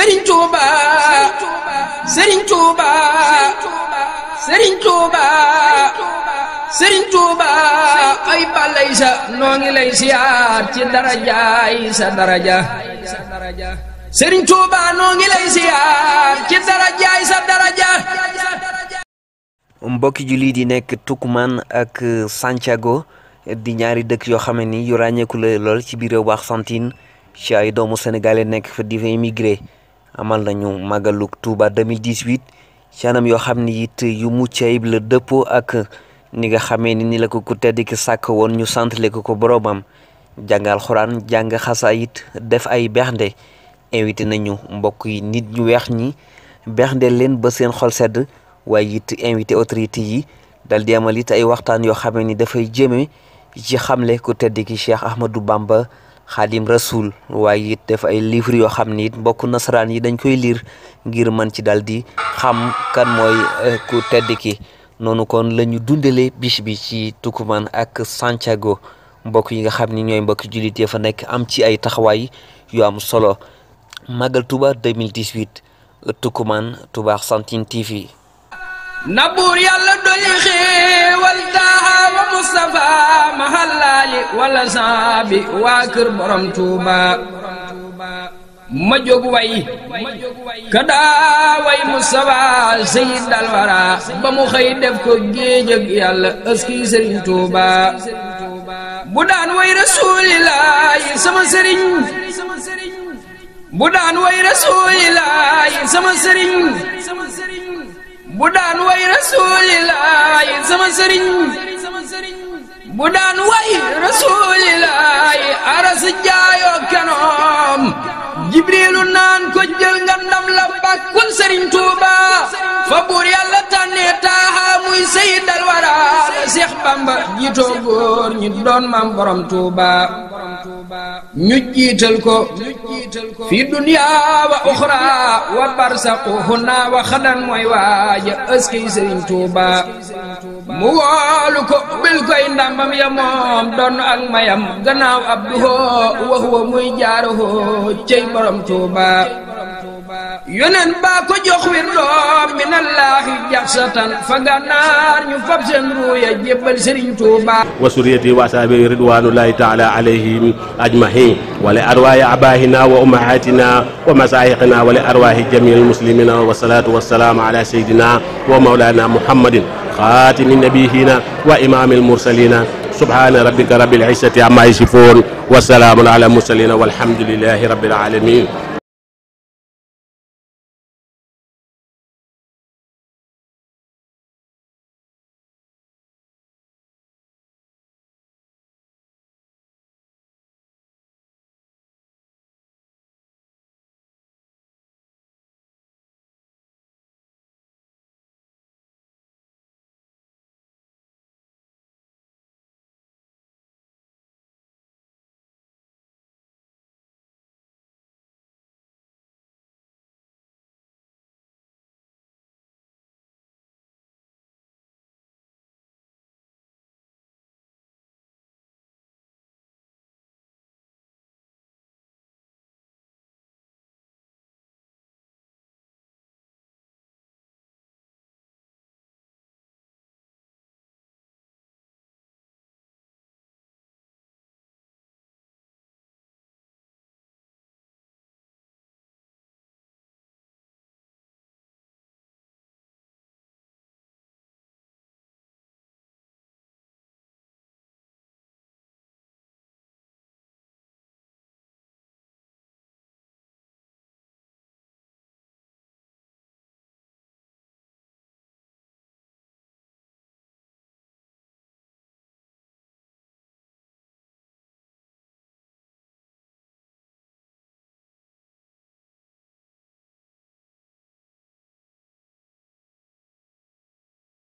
Serigne Touba Serigne Touba Serigne Touba Serigne Touba ay balay noo ngi lay siyaar ci darajaay sa daraja mbokki jullit yi nekk Tukuman ak Santiago di ñaari dëkk yoo xam ne ni yu ràññeeku la lool ci biir réew bu Argentine ci ay doomu sénégalais nekk fa di fa immigré amal nañu màggalug Touba 2018 ci anam yoo xam ni it yu mucc la dëppoo ak ni nga xamee ni ni la ko ku tedd ki sàkk woon ñu santale ko ko boroomam jàngal xuraan jàng xasaayit def ay bernde invité nañu mbokk yi nit ñu weex ñi bernde leen ba seen xol sedd waaye it invité autorité yi dal di amal ay waxtaan yoo xamee ni dafay jëme ci xamle ku tedd ki Cheikh Ahmadou Bamba xaadim rasul waaye it def ay livre yoo xam ni it mbokk nasaraan yi dañ koy liir ngir mën ci daal di xam kan mooy eh, ku tedd ki noonu kon la ñu dundale bis bi ci Tukuman ak Santiago mbokk yi nga xam ni ñooy mbokk jullit yi fa nekk am ci ay taxawaay yu am solo Magal Touba 2018 Tukuman Touba Argentine TV na buur yàlla doli xéewal taaha wa Mustafa mahalaali wala saabi waa kër borom Tuuba ma jóg way ka way Mustafa sayid dalwara ba mu xëy def ko géej ak yàlla aski sëriñ Tuuba bu daan way rasuulillaahi sama sëriñ bu daan way rasuulillaahi sama sëriñ bu daan way rasuulillaahi aras jaayoo kanoom jibriilu naan ko jël nga la bàkkul sëriñ tuuba fa buur yàlla tànnee taaha muy sayyidal wara Seex Bamba jiitoo góor ñi doon maam borom tuuba ñu jiital ko fi duniyaa wa uxra wa barsaqu huna wa xadan mooy waaja ëskey sëriñ tuuba mu woolu ko bil koy ndàmbam ya moom doon ak mayam gannaaw abduhoo wa huwa muy jaaruhoo cey borom tuuba yonen baa ko jox wir doom minallaahi jaxsatan fa gànnaar ñu fab seen ruuya jébbal sëriñ Tuuba wa suriyati wa asaabi ridwanullahi taala alayhim ajmahin wa li arwaahi abaahina wa ummahatina wa masaayixina wa li arwaahi jamii almuslimina wa salaatu wa salaamu ala sayyidina wa mawlana muhammadin xaatimi nabiyina wa imaami almursalina subhaana rabbika rabbil izzati amma yasifuun wa salaamun ala almursalina walhamdulillahi rabbil alamin